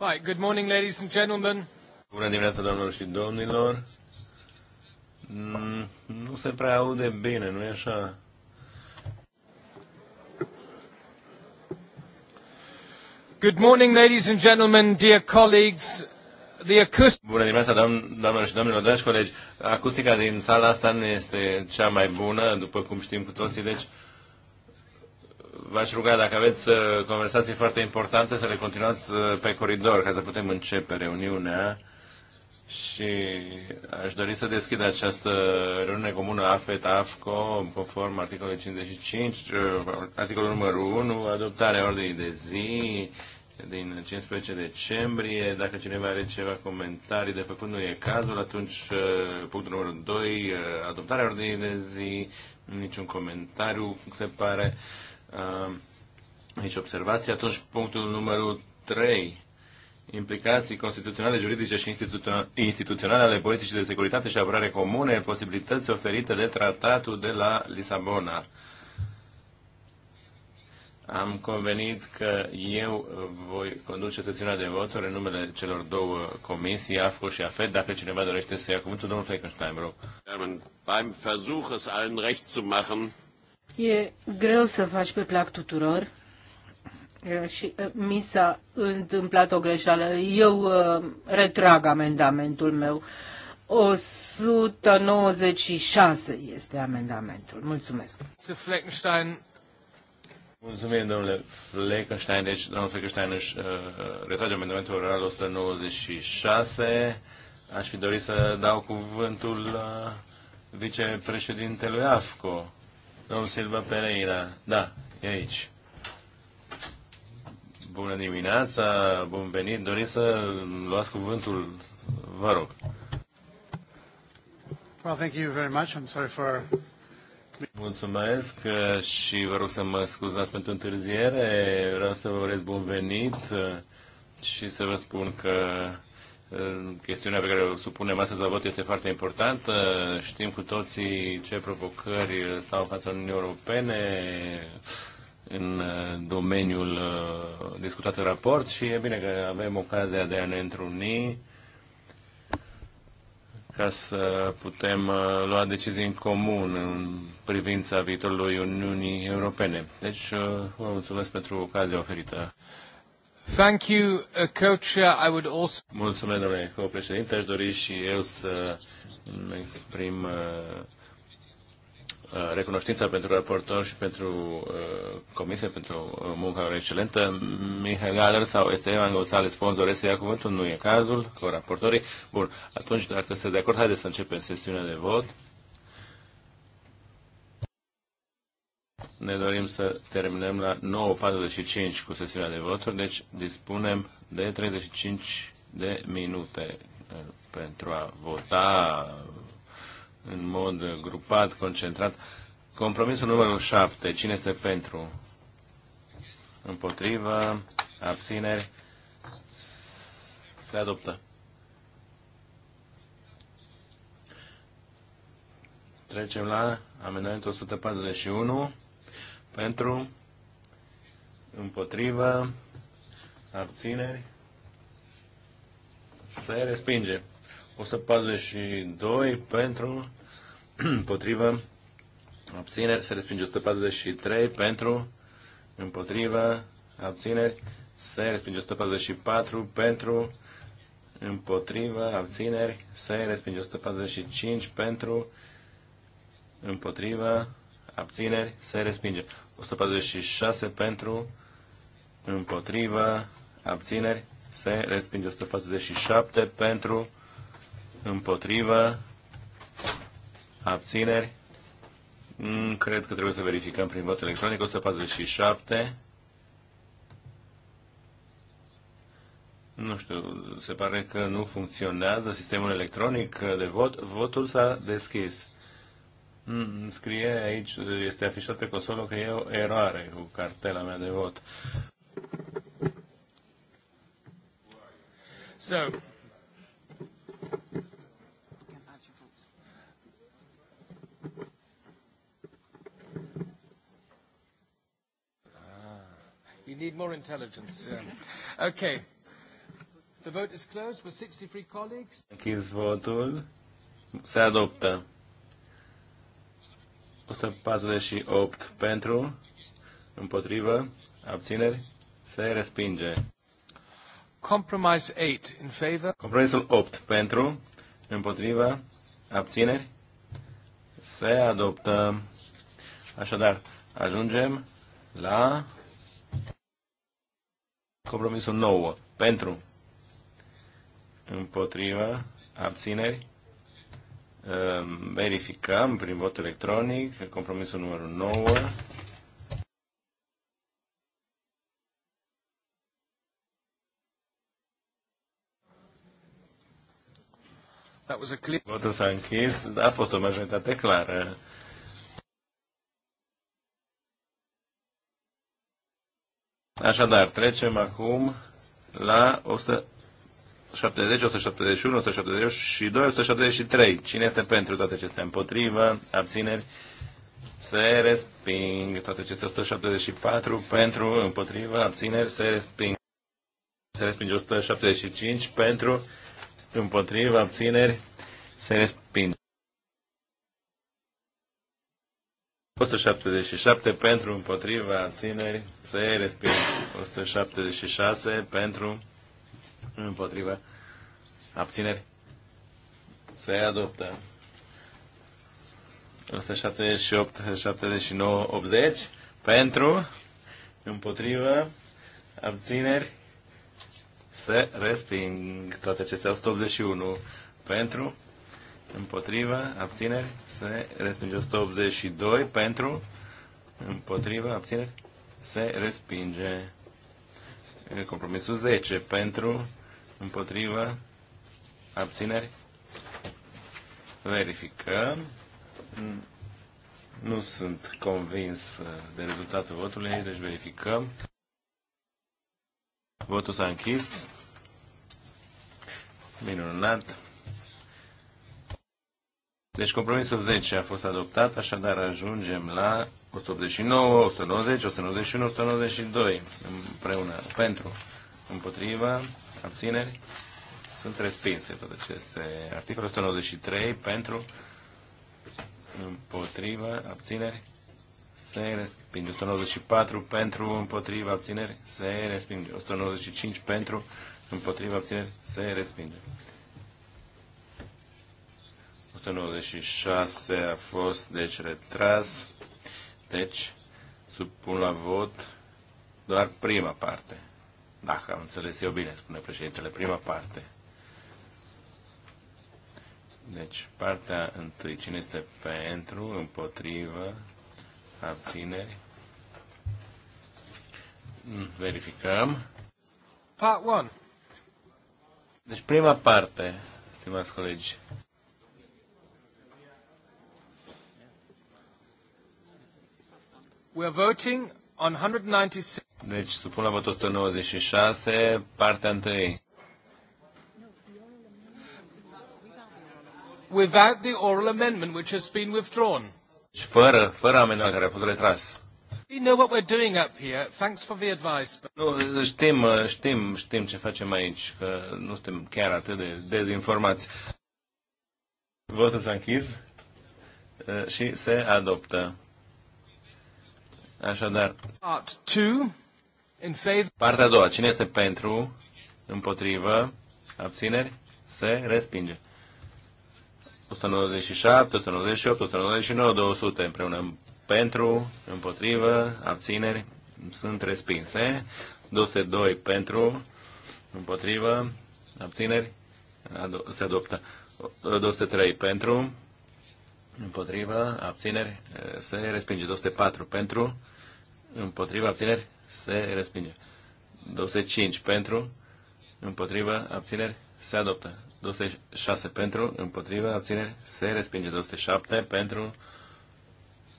Right, good morning, ladies and gentlemen. Bună dimineața, doamnelor și domnilor. Mm, nu se prea aude bine, nu e așa? Good morning, ladies and gentlemen, dear colleagues. The acoustic... Bună dimineața, doam- doamnelor și domnilor, dragi colegi. Acustica din sala asta nu este cea mai bună, după cum știm cu toții, deci v-aș ruga dacă aveți uh, conversații foarte importante să le continuați uh, pe coridor ca să putem începe reuniunea și aș dori să deschid această reuniune comună AFET-AFCO conform articolului 55, uh, articolul numărul 1, adoptarea ordinii de zi din 15 decembrie. Dacă cineva are ceva comentarii de făcut, nu e cazul, atunci punctul numărul 2, adoptarea ordinii de zi, niciun comentariu, se pare uh, nici observații. Atunci punctul numărul 3 implicații constituționale, juridice și instituționale ale politicii de securitate și apărare comune, posibilități oferite de tratatul de la Lisabona. Am convenit că eu voi conduce sesiunea de voturi în numele celor două comisii, AFCO și AFED, dacă cineva dorește să ia cuvântul, domnul Fleckenstein, rog. E greu să faci pe plac tuturor și mi s-a întâmplat o greșeală. Eu retrag amendamentul meu. 196 este amendamentul. Mulțumesc. Fleckenstein. Mulțumim, domnule Fleckenstein. Deci, domnul Fleckenstein își uh, retrage amendamentul oral 196. Aș fi dorit să dau cuvântul uh, vicepreședintelui AFCO Domnul Silva Pereira, da, e aici. Bună dimineața, bun venit. Doriți să luați cuvântul, vă rog. Well, thank you very much. I'm sorry for Mulțumesc uh, și vă rog să mă scuzați pentru întârziere. Vreau să vă urez bun venit uh, și să vă spun că Chestiunea pe care o supunem astăzi la vot este foarte importantă. Știm cu toții ce provocări stau în fața Uniunii Europene în uh, domeniul uh, discutat în raport și e bine că avem ocazia de a ne întruni ca să putem uh, lua decizii în comun în privința viitorului Uniunii Europene. Deci, vă mulțumesc pentru ocazia oferită. Thank you, uh, I would also... Mulțumesc, domnule președinte Aș dori și eu să exprim uh, uh, recunoștința pentru raportor și pentru comisie, pentru munca lor excelentă. Mihai Galer sau Esteban González Pons doresc să ia cuvântul? Nu e cazul, cu raportorii. Bun, atunci dacă sunt de acord, haideți să începem sesiunea de vot. ne dorim să terminăm la 9.45 cu sesiunea de voturi, deci dispunem de 35 de minute uh, pentru a vota în mod grupat, concentrat. Compromisul numărul 7. Cine este pentru? Împotrivă? Abțineri? Se adoptă. Trecem la amendamentul 141. Pentru, împotriva, abțineri, se respinge. 142 pentru, împotriva, abțineri, se respinge. 143 pentru, împotriva, abțineri, se respinge. 144 pentru, împotriva, abțineri, se respinge. 145 pentru, împotriva, abțineri, se respinge. 146 pentru, împotriva, abțineri, se respinge. 147 pentru, împotriva, abțineri. Mm, cred că trebuie să verificăm prin vot electronic. 147. Nu știu, se pare că nu funcționează sistemul electronic de vot. Votul s-a deschis. Mm, scrie aici, este afișat pe consolo că e o eroare cu cartela mea de vot. So, ah, You need more intelligence. Um, Okay. The vote is closed with 63 colleagues. votul. Se adoptă. 148 pentru, împotrivă, abțineri, se respinge. Compromise 8 in favor. Compromisul 8 pentru, împotrivă, abțineri, se adoptă. Așadar, ajungem la compromisul 9 pentru, împotrivă, abțineri, Ehm, verificăm prin vot electronic compromisul numărul 9. That was a clear... Votul s-a închis, a da, fost o majoritate clară. Așadar, trecem acum la 100. 170, 171, 172, 173. Cine este pentru toate acestea? Împotrivă, abțineri, se resping. Toate acestea 174 pentru, împotrivă, abțineri, se resping. Se respinge 175 pentru, împotrivă, abțineri, se resping. 177 pentru, împotriva, abțineri, se respinge. 176 pentru, Împotriva. Abțineri. Se adoptă. 178, 79, 80. Pentru. Împotriva. Abțineri. Se resping toate acestea. 181. Pentru. Împotriva. Abțineri. Se resping. 182. Pentru. Împotriva. Abțineri. Se respinge. Compromisul 10 pentru, Împotrivă? Abțineri? Verificăm. Nu sunt convins uh, de rezultatul votului, deci verificăm. Votul s-a închis. Minunat. Deci compromisul 10 a fost adoptat, așadar ajungem la 189, 190, 191, 192 împreună pentru, împotriva, abțineri, sunt respinse tot aceste articole. 193 pentru, împotriva, abțineri, se respinge. 194 pentru, împotriva, abțineri, se respinge. 195 pentru, împotriva, abțineri, se respinge. 196 a fost, deci, retras. Deci, supun la vot doar prima parte. Dacă am înțeles eu bine, spune președintele, prima parte. Deci, partea întâi, cine este pentru, împotrivă, abțineri. Mm, verificăm. Part 1. Deci, prima parte, stimați colegi. We are voting deci, supun la vot 196, partea 1. Without the oral amendment which has been withdrawn. Deci, fără, fără amendament care a fost retras. We know what we're doing up here. Thanks for the advice. Nu, știm, știm, știm ce facem aici, că nu suntem chiar atât de dezinformați. Votul s-a închis uh, și se adoptă. Așadar, partea a doua. Cine este pentru, împotrivă, abțineri, se respinge. 197, 198, 199, 200 împreună pentru, împotrivă, abțineri, sunt respinse. 202 pentru, împotrivă, abțineri, se adoptă. 203 pentru, împotriva, eh, abțineri, se respinge. 204 pentru, împotriva, abțineri, se respinge. 205 pentru, împotriva, abțineri, se adoptă. 206 pentru, împotriva, abțineri, se respinge. 207 pentru,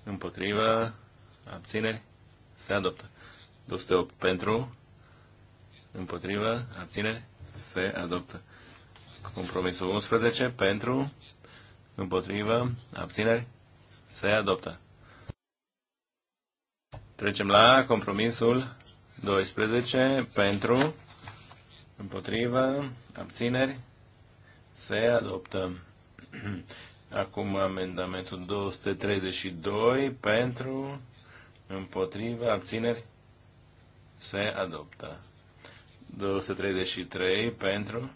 împotriva, abțineri, se adoptă. 208 pentru, împotriva, abțineri, se adoptă. Compromisul 11 pentru, Împotrivă. Abțineri. Se adoptă. Trecem la compromisul 12 pentru, împotrivă, abțineri, se adoptă. Acum amendamentul 232 pentru, împotrivă, abțineri, se adoptă. 233 pentru,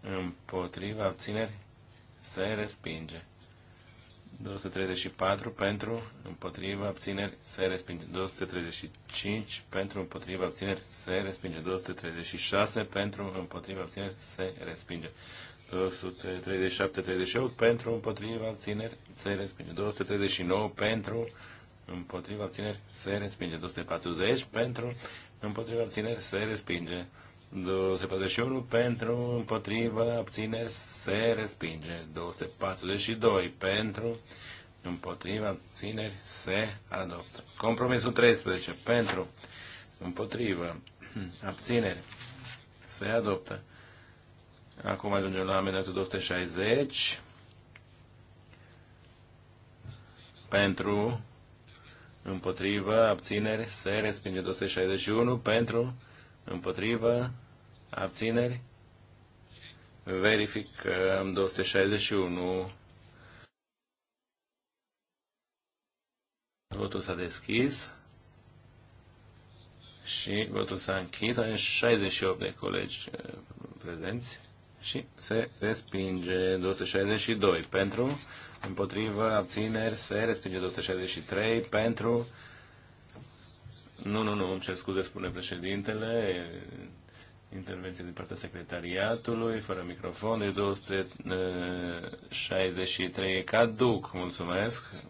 împotrivă, abțineri, se respinge. 234 pentru, împotriva, abțineri, se respinge. 235 pentru, împotriva, abțineri, se respinge. 236 pentru, împotriva, abțineri, se respinge. 237-38 pentru, împotriva, abțineri, se respinge. 239 pentru, împotriva, abțineri, se respinge. 240 pentru, împotriva, abțineri, se respinge. 241 pentru, împotriva, abțineri, se respinge. 242 pentru, împotriva, abțineri, se adoptă. Compromisul 13 pentru, împotriva, abțineri, se adoptă. Acum ajungem la amendatul 260 pentru, împotriva, abțineri, se respinge. 261 pentru, împotriva, Abțineri? Verific am 261. Votul s-a deschis și votul s-a închis. Avem 68 de colegi eh, prezenți și se respinge 262 pentru, împotrivă, abțineri, se respinge 263 pentru, nu, nu, nu, îmi cer scuze, spune președintele, intervenție din partea secretariatului, fără microfon, de 263 e caduc, mulțumesc,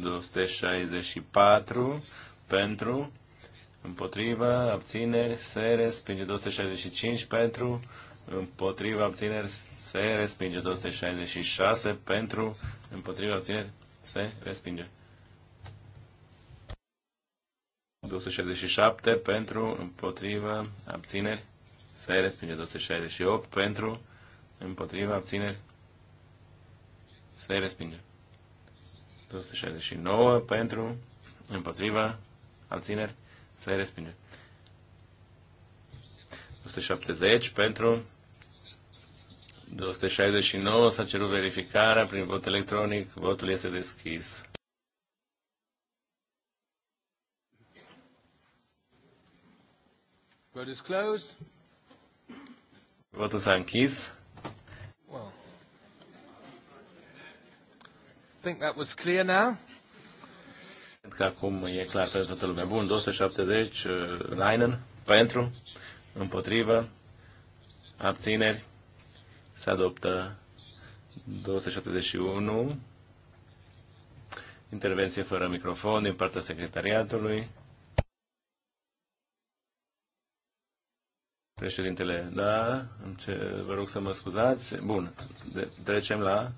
264 pentru, împotriva, abțineri, se respinge, 265 pentru, împotriva, abțineri, se respinge, 266 pentru, împotriva, abțineri, se respinge. 267 pentru, împotriva, abțineri, se respinge 268 pentru, împotriva, abțineri. Se respinge. 269 pentru, împotriva, abțineri. Se respinge. 270 pentru, 269 s-a cerut verificarea prin vot electronic. Votul este deschis. Vote is closed. Votul s-a închis. Well, I think that was clear now. Cred că acum e clar pentru toată lumea. Bun, 270, uh, Leinen, pentru, împotrivă, abțineri, se adoptă 271, intervenție fără microfon din partea secretariatului. Președintele, da, vă rog să mă scuzați. Bun, trecem la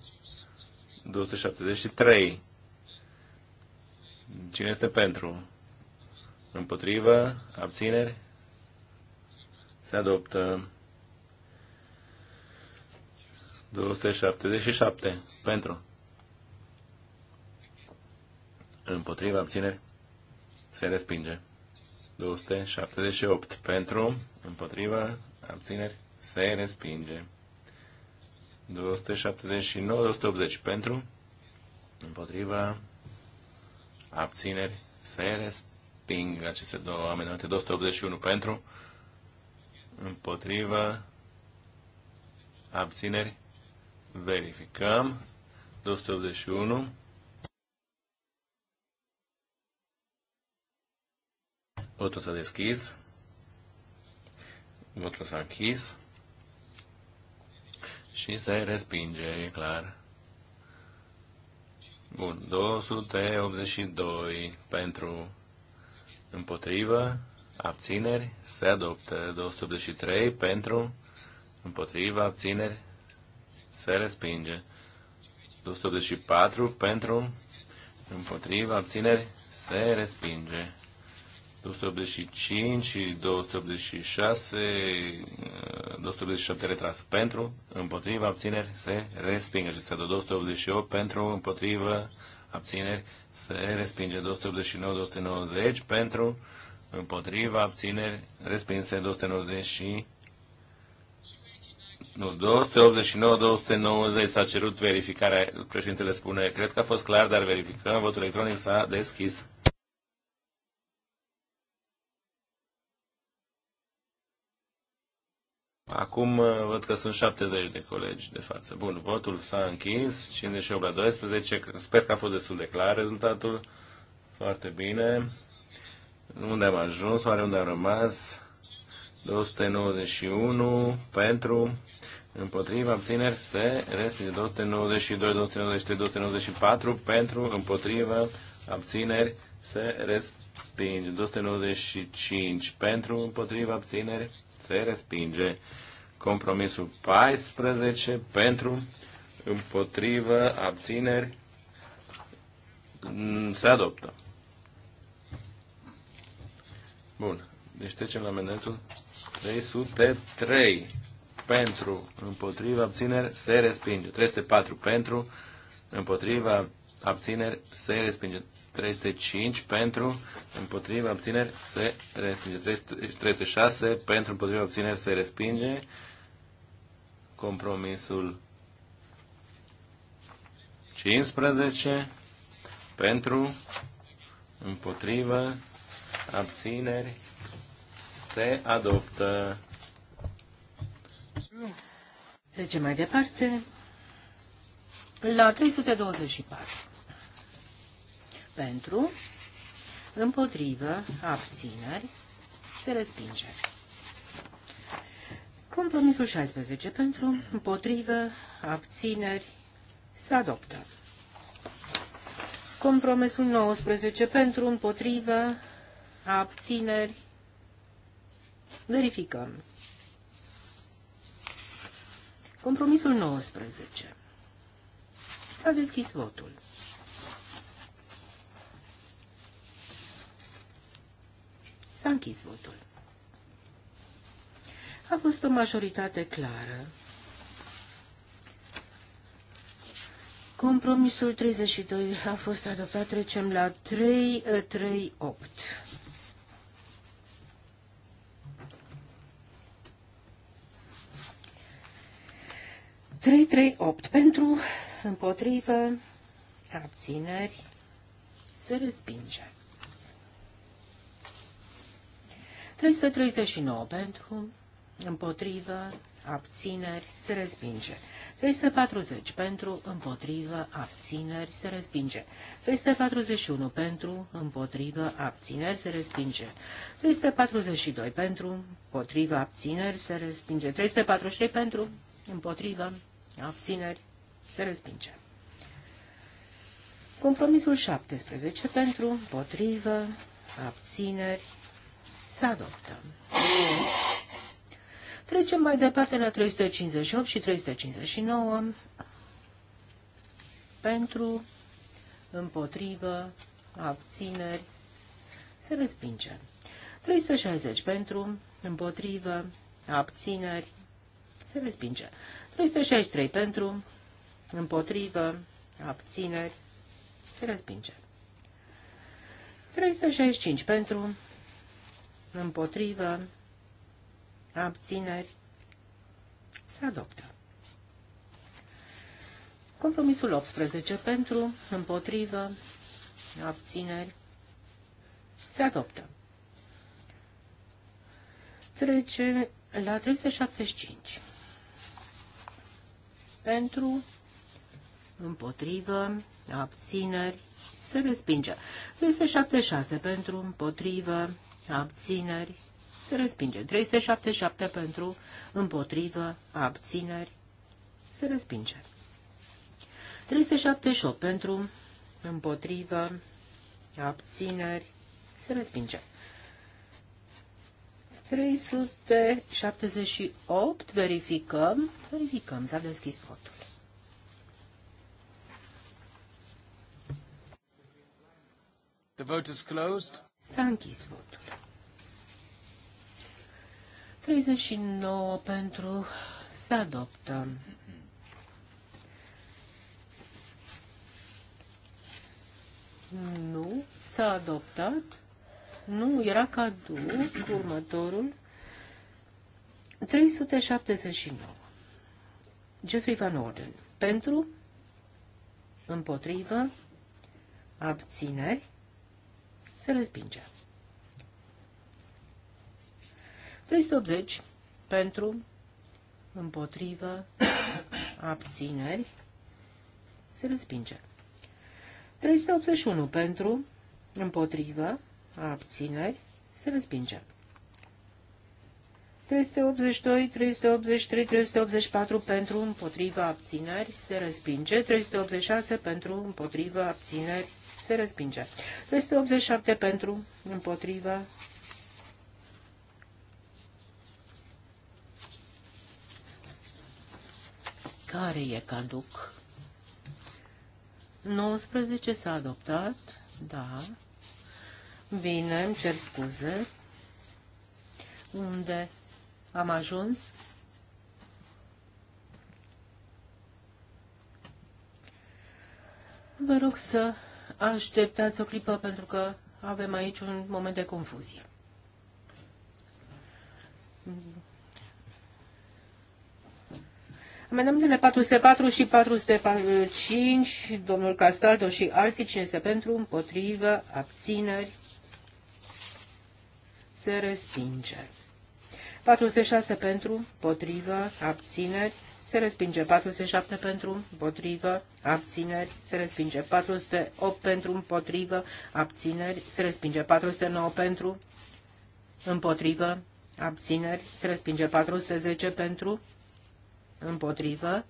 273. Cine este pentru? Împotrivă? Abțineri? Se adoptă. 277. Pentru. Împotrivă? Abțineri? Se respinge. 278 pentru, împotriva, abțineri, se respinge. 279, 280 pentru, împotriva, abțineri, se resping aceste două amendamente. 281 pentru, împotriva, abțineri, verificăm. 281 Votul s-a deschis. Votul s-a închis. Și se respinge, e clar. Bun, 282 pentru împotrivă, abțineri, se adoptă. 283 pentru împotrivă, abțineri, se respinge. 284 pentru împotrivă, abțineri, se respinge. 285 și 286, 287 uh, retras pentru, împotriva, abțineri, se respinge. dă 288 pentru, împotriva, abțineri, se respinge. 289, 290 pentru, împotriva, abțineri, respinse. 290 și nu, 289-290 s-a cerut verificarea, președintele spune, cred că a fost clar, dar verificăm, votul electronic s-a deschis. Acum uh, văd că sunt 70 de colegi de față. Bun, votul s-a închis, 58 la 12, sper că a fost destul de clar rezultatul. Foarte bine. Unde am ajuns, oare unde am rămas? 291 pentru, împotriva, abțineri, se respinge 292, 293, 294 pentru, împotriva, abțineri, se respinge 295 pentru, împotriva, abțineri, se respinge. Compromisul 14 pentru, împotrivă, abțineri, mm, se adoptă. Bun. Deci trecem la amendamentul 303 pentru, împotriva, abțineri, se respinge. 304 pentru, împotriva, abțineri, se respinge. 35 pentru, împotriva abțineri se respinge. 36 pentru, împotriva abțineri se respinge. Compromisul 15 pentru, împotriva abțineri se adoptă. Trecem mai departe la 324 pentru, împotrivă, abțineri, se respinge. Compromisul 16 pentru, împotrivă, abțineri, se adoptă. Compromisul 19 pentru, împotrivă, abțineri, verificăm. Compromisul 19. S-a deschis votul. S-a închis votul. A fost o majoritate clară. Compromisul 32 a fost adoptat. Trecem la 338. Trei, trei, opt. Pentru, împotrivă, abțineri, se respinge. 339 pentru, împotrivă, abțineri, se respinge. 340 pentru, împotrivă, abțineri, se respinge. 341 pentru, împotrivă, abțineri, se respinge. 342 pentru, împotrivă, abțineri, se respinge. 343 pentru, împotrivă, abțineri, se respinge. Compromisul 17 pentru, împotrivă, abțineri, să adoptăm. Trecem mai departe la 358 și 359 pentru, împotrivă, abțineri, se respinge. 360 pentru, împotrivă, abțineri, se respinge. 363 pentru, împotrivă, abțineri, se respinge. 365 pentru, împotrivă, abțineri, se adoptă. Compromisul 18 pentru, împotrivă, abțineri, se adoptă. Trece la 375. Pentru, împotrivă, abțineri, se respinge. 376 pentru, împotrivă, abțineri, se respinge. 377 pentru, împotrivă, abțineri, se respinge. 378 pentru, împotrivă, abțineri, se respinge. 378, verificăm, verificăm, s-a deschis votul. The vote is closed. Thank you, închis 39 pentru să adoptă. Nu, s-a adoptat. Nu, era cu următorul. 379. Jeffrey Van Orden. Pentru, împotrivă, abțineri, se respinge. 380 pentru, împotrivă, abțineri, se respinge. 381 pentru, împotrivă, abțineri, se respinge. 382, 383, 384 pentru împotriva abțineri se respinge, 386 pentru împotriva abțineri se respinge, 387 pentru împotriva care e caduc. 19 s-a adoptat, da. Bine, îmi cer scuze. Unde am ajuns? Vă rog să așteptați o clipă pentru că avem aici un moment de confuzie. Amendamentele 404 și 405, domnul Castaldo și alții, cine este pentru, împotrivă, abțineri, se respinge. 406 pentru, împotrivă, abțineri, se respinge 407 pentru, împotrivă, abțineri, se respinge 408 pentru, împotrivă, abțineri, se respinge 409 pentru, împotrivă, abțineri, se respinge 410 pentru, împotrivă,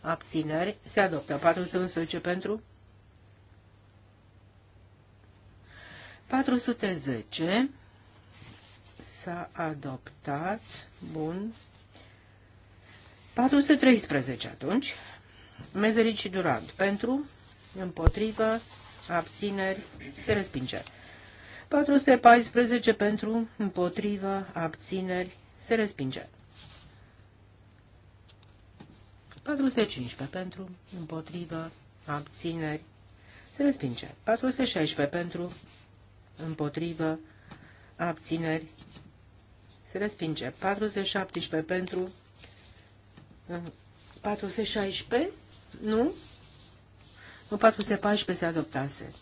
abțineri, se adoptă. 411 pentru, 410 s-a adoptat, bun, 413 atunci, Mezerici și Durand, pentru, împotrivă, abțineri, se respinge. 414 pentru, împotrivă, abțineri, se respinge. 415 pentru, împotrivă, abțineri, se respinge. 416 pentru, împotrivă, abțineri, se respinge. 417 pentru, 416, nu? Nu, 414 se adoptase.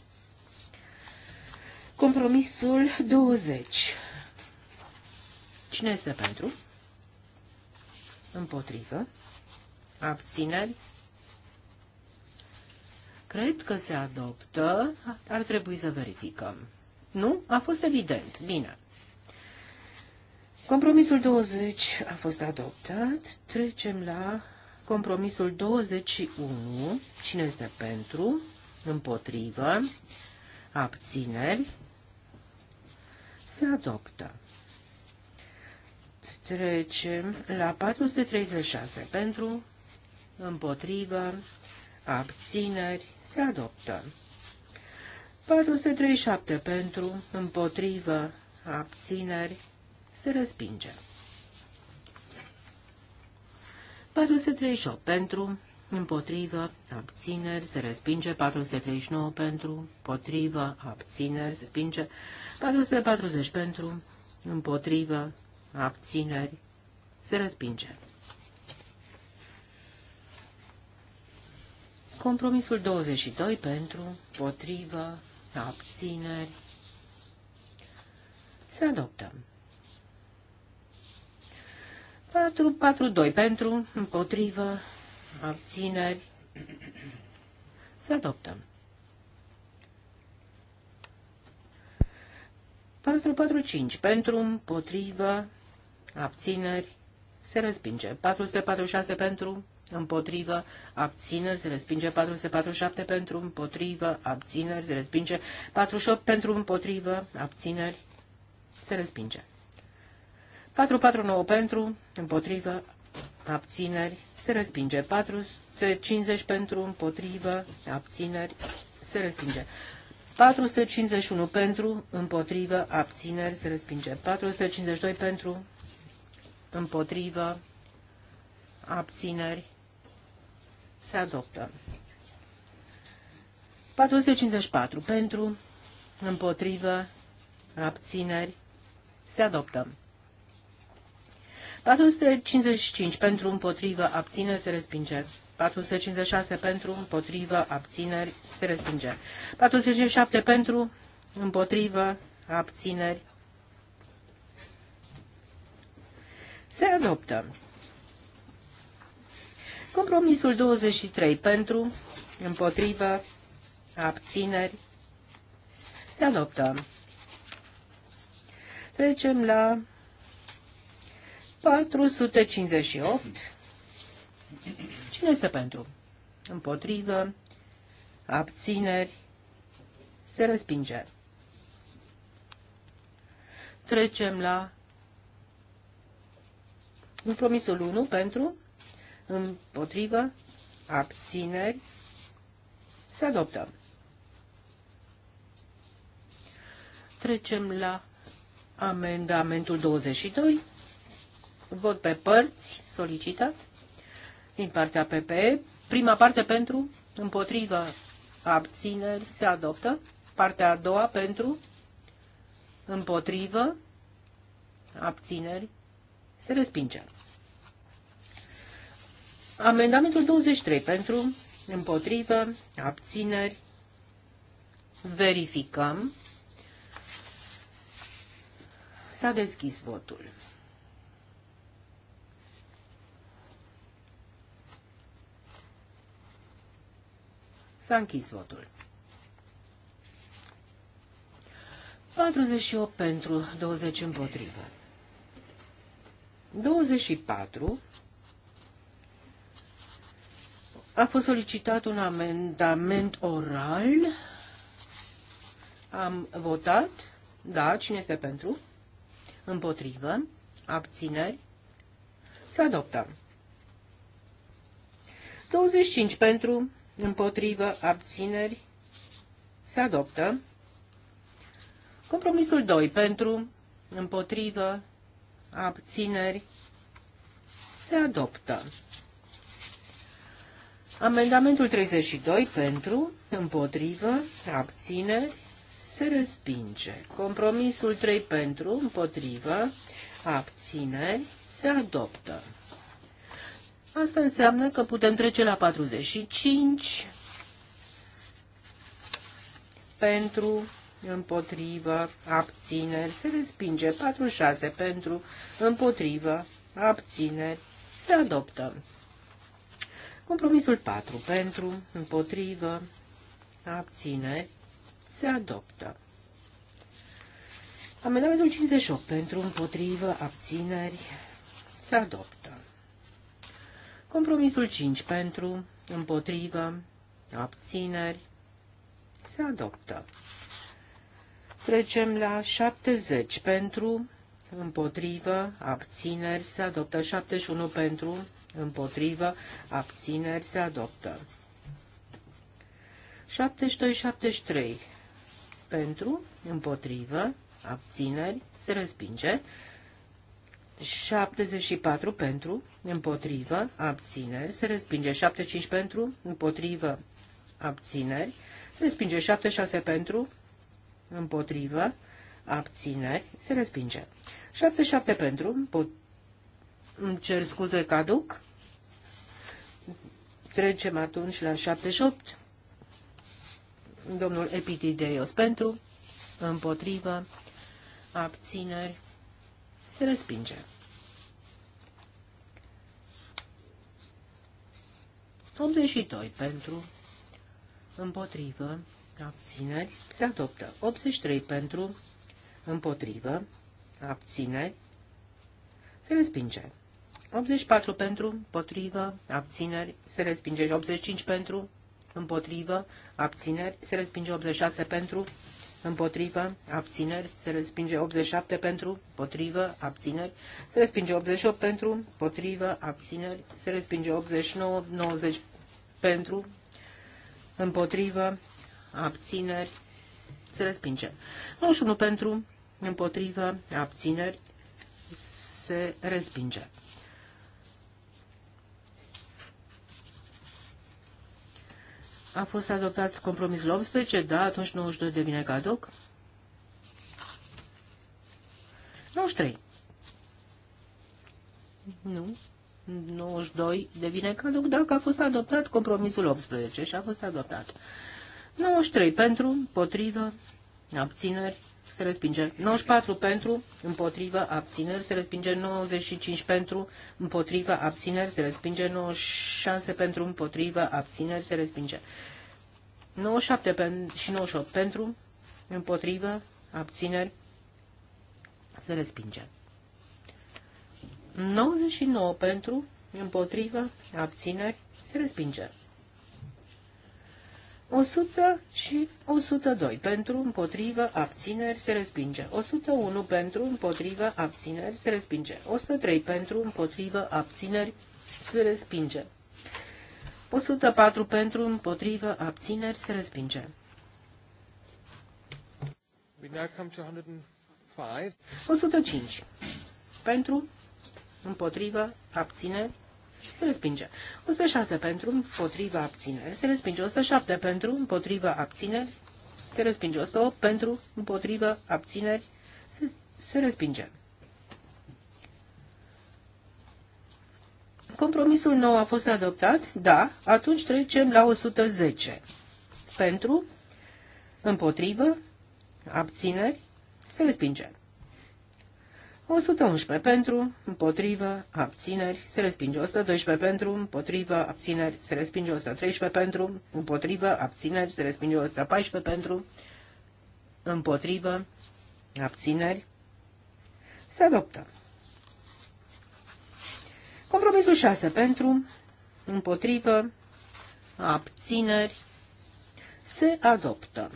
Compromisul 20. Cine este pentru? Împotrivă abțineri. Cred că se adoptă, ar trebui să verificăm. Nu? A fost evident. Bine. Compromisul 20 a fost adoptat. Trecem la compromisul 21. Cine este pentru? Împotrivă? Abțineri? Se adoptă. Trecem la 436. Pentru? împotrivă, abțineri, se adoptă. 437 pentru, împotrivă, abțineri, se respinge. 438 pentru, împotrivă, abțineri, se respinge, 439 pentru, împotrivă, abțineri, se respinge, 440 pentru, împotrivă, abțineri, se respinge. Compromisul 22 pentru, potrivă, abțineri, se adoptă. 442 pentru, împotrivă, abțineri, se adoptă. 445 pentru, împotrivă, abțineri, se respinge. 446 pentru, împotrivă, abțineri, se respinge 447 pentru, împotrivă, abțineri, se respinge 48 pentru, împotrivă, abțineri, se respinge. 449 pentru, împotrivă, abțineri, se respinge. 450 pentru, împotrivă, abțineri, se respinge. 451 pentru, împotrivă, abțineri, se respinge. 452 pentru, împotrivă, abțineri, se adoptă. 454 pentru, împotrivă, abțineri, se adoptă. 455 pentru, împotrivă, abțineri, se respinge. 456 pentru, împotrivă, abțineri, se respinge. 457 pentru, împotrivă, abțineri, se adoptă. Compromisul 23 pentru, împotrivă, abțineri, se adoptă. Trecem la 458. Cine este pentru? Împotrivă, abțineri, se respinge. Trecem la compromisul 1 pentru împotrivă, abțineri, se adoptă. Trecem la amendamentul 22, vot pe părți solicitat din partea PPE. Prima parte pentru, împotrivă, abțineri, se adoptă. Partea a doua pentru, împotrivă, abțineri, se respinge. Amendamentul 23 pentru, împotrivă, abțineri, verificăm. S-a deschis votul. S-a închis votul. 48 pentru, 20 împotrivă. 24 a fost solicitat un amendament oral. Am votat. Da, cine este pentru? Împotrivă. Abțineri. Se adoptă. 25 pentru, împotrivă, abțineri. Se adoptă. Compromisul 2 pentru, împotrivă, abțineri. Se adoptă. Amendamentul 32 pentru, împotrivă, abține se respinge. Compromisul 3 pentru, împotrivă, abțineri, se adoptă. Asta înseamnă că putem trece la 45 pentru, împotrivă, abțineri, se respinge. 46 pentru, împotrivă, abțineri, se adoptă. Compromisul 4 pentru, împotrivă, abțineri, se adoptă. Amendamentul 58 pentru, împotrivă, abțineri, se adoptă. Compromisul 5 pentru, împotrivă, abțineri, se adoptă. Trecem la 70 pentru, împotrivă, abțineri, se adoptă 71 pentru, împotrivă, abțineri se adoptă. 72-73 pentru, împotrivă, abțineri se respinge. 74 pentru, împotrivă, abțineri, se respinge 75 pentru, împotrivă, abțineri, se respinge 76 pentru, împotrivă, abțineri, se respinge 77 pentru, împotrivă, îmi cer scuze că aduc. Trecem atunci la 78. Domnul Epitideios pentru, împotrivă, abțineri, se respinge. doi pentru, împotrivă, abțineri, se adoptă. 83 pentru, împotrivă, abțineri, se respinge. 84 pentru, împotrivă, abțineri, se respinge 85 pentru, împotrivă, abțineri, se respinge 86 pentru, împotrivă, abțineri, se respinge 87 pentru, împotrivă, abțineri, se respinge 88 pentru, împotrivă, abțineri, se respinge 89, 90 pentru, împotrivă, abțineri, se respinge. 91 pentru, împotrivă, abțineri, se respinge. A fost adoptat compromisul 18, da, atunci 92 devine cadoc. 93. Nu. 92 devine caduc dacă a fost adoptat compromisul 18 și a fost adoptat. 93 pentru, potrivă, abțineri, se respinge. 94 pentru, împotrivă, abțineri, se respinge. 95 pentru, împotrivă, abțineri, se respinge. 96 pentru, împotrivă, abțineri, se respinge. 97 pen și 98 pentru, împotrivă, abțineri, se respinge. 99 pentru, împotrivă, abțineri, se respinge. 100 și 102 pentru, împotrivă, abțineri, se respinge. 101 pentru, împotrivă, abțineri, se respinge. 103 pentru, împotrivă, abțineri, se respinge. 104 pentru, împotrivă, abțineri, se respinge. We now come to 105. 105 pentru, împotrivă, abțineri, se respinge. 106 pentru, împotriva abțineri. Se respinge. 107 pentru, împotriva abțineri. Se respinge. 108 pentru, împotriva abțineri. Se, se respinge. Compromisul nou a fost adoptat? Da. Atunci trecem la 110. Pentru, împotrivă, abțineri, se respinge. 111 pentru, împotrivă, abțineri, se respinge 112 pentru, împotrivă, abțineri, se respinge 113 pentru, împotrivă, abțineri, se respinge 114 pentru, împotrivă, abțineri, se adoptă. Compromisul 6 pentru, împotrivă, abțineri, se adoptă.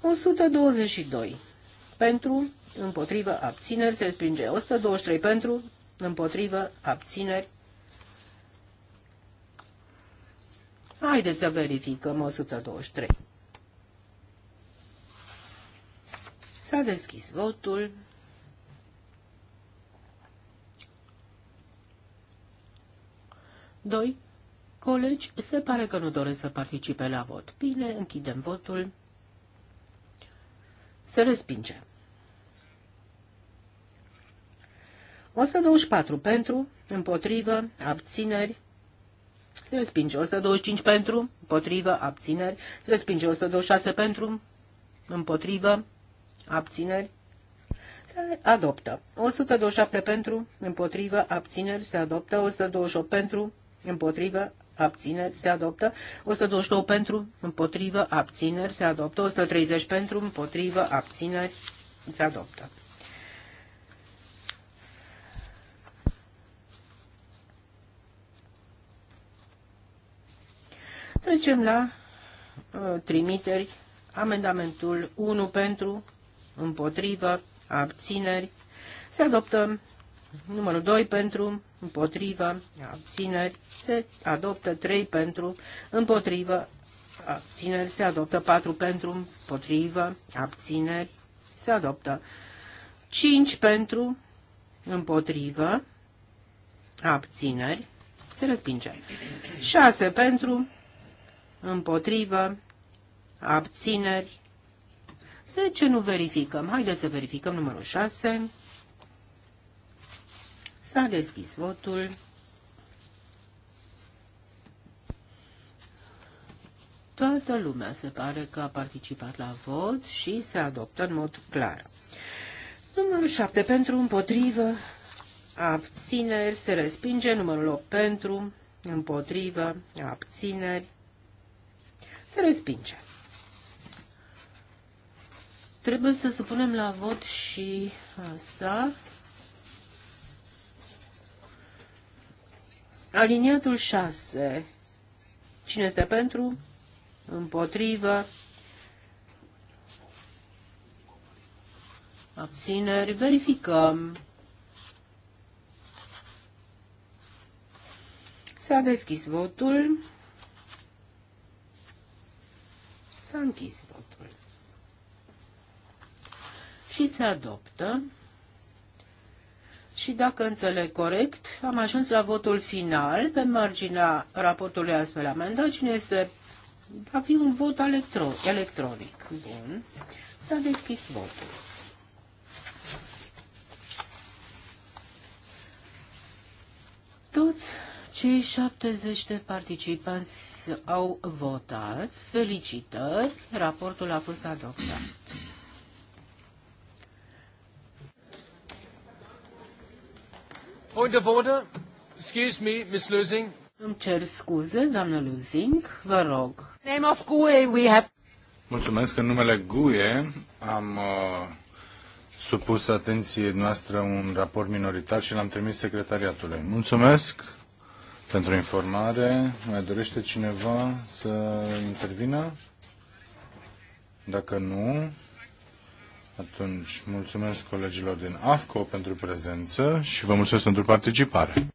122 pentru, împotrivă, abțineri, se respinge. 123 pentru, împotrivă, abțineri. Haideți să verificăm 123. S-a deschis votul. Doi. Colegi, se pare că nu doresc să participe la vot. Bine, închidem votul. Se respinge. 124 pentru, împotrivă, abțineri, se respinge 125 pentru, împotrivă, abțineri, se respinge 126 pentru, împotrivă, abțineri, se adoptă. 127 pentru, împotrivă, abțineri, se adoptă. 128 pentru, împotrivă, abțineri, se adoptă. 122 pentru, împotrivă, abțineri, se adoptă. 130 pentru, împotrivă, abțineri, se adoptă. Trecem la uh, trimiteri. Amendamentul 1 pentru, împotrivă, abțineri. Se adoptă numărul 2 pentru, împotrivă, abțineri. Se adoptă 3 pentru, împotrivă, abțineri. Se adoptă 4 pentru, împotrivă, abțineri. Se adoptă 5 pentru, împotrivă, abțineri. Se respinge. 6 pentru, împotrivă, abțineri. De deci, ce nu verificăm? Haideți să verificăm numărul 6. S-a deschis votul. Toată lumea se pare că a participat la vot și se adoptă în mod clar. Numărul 7 pentru împotrivă, abțineri se respinge, numărul 8 pentru împotrivă, abțineri se respinge. Trebuie să supunem la vot și asta. Aliniatul 6. Cine este pentru? Împotrivă. Abțineri. Verificăm. S-a deschis votul. S-a închis votul. Și se adoptă. Și dacă înțeleg corect, am ajuns la votul final pe marginea raportului astfel amendat. Cine este? Va fi un vot electro electronic. Bun. S-a deschis votul. Toți cei 70 de participanți au votat. Felicitări, raportul a fost adoptat. Point of order. Excuse me, Miss Lusing. Îmi cer scuze, doamnă Lusing, vă rog. Name of GUE we have... Mulțumesc. În numele GUE am uh, supus atenției noastră un raport minoritar și l-am trimis secretariatului. Mulțumesc pentru informare. Mai dorește cineva să intervină? Dacă nu, atunci mulțumesc colegilor din AFCO pentru prezență și vă mulțumesc pentru participare.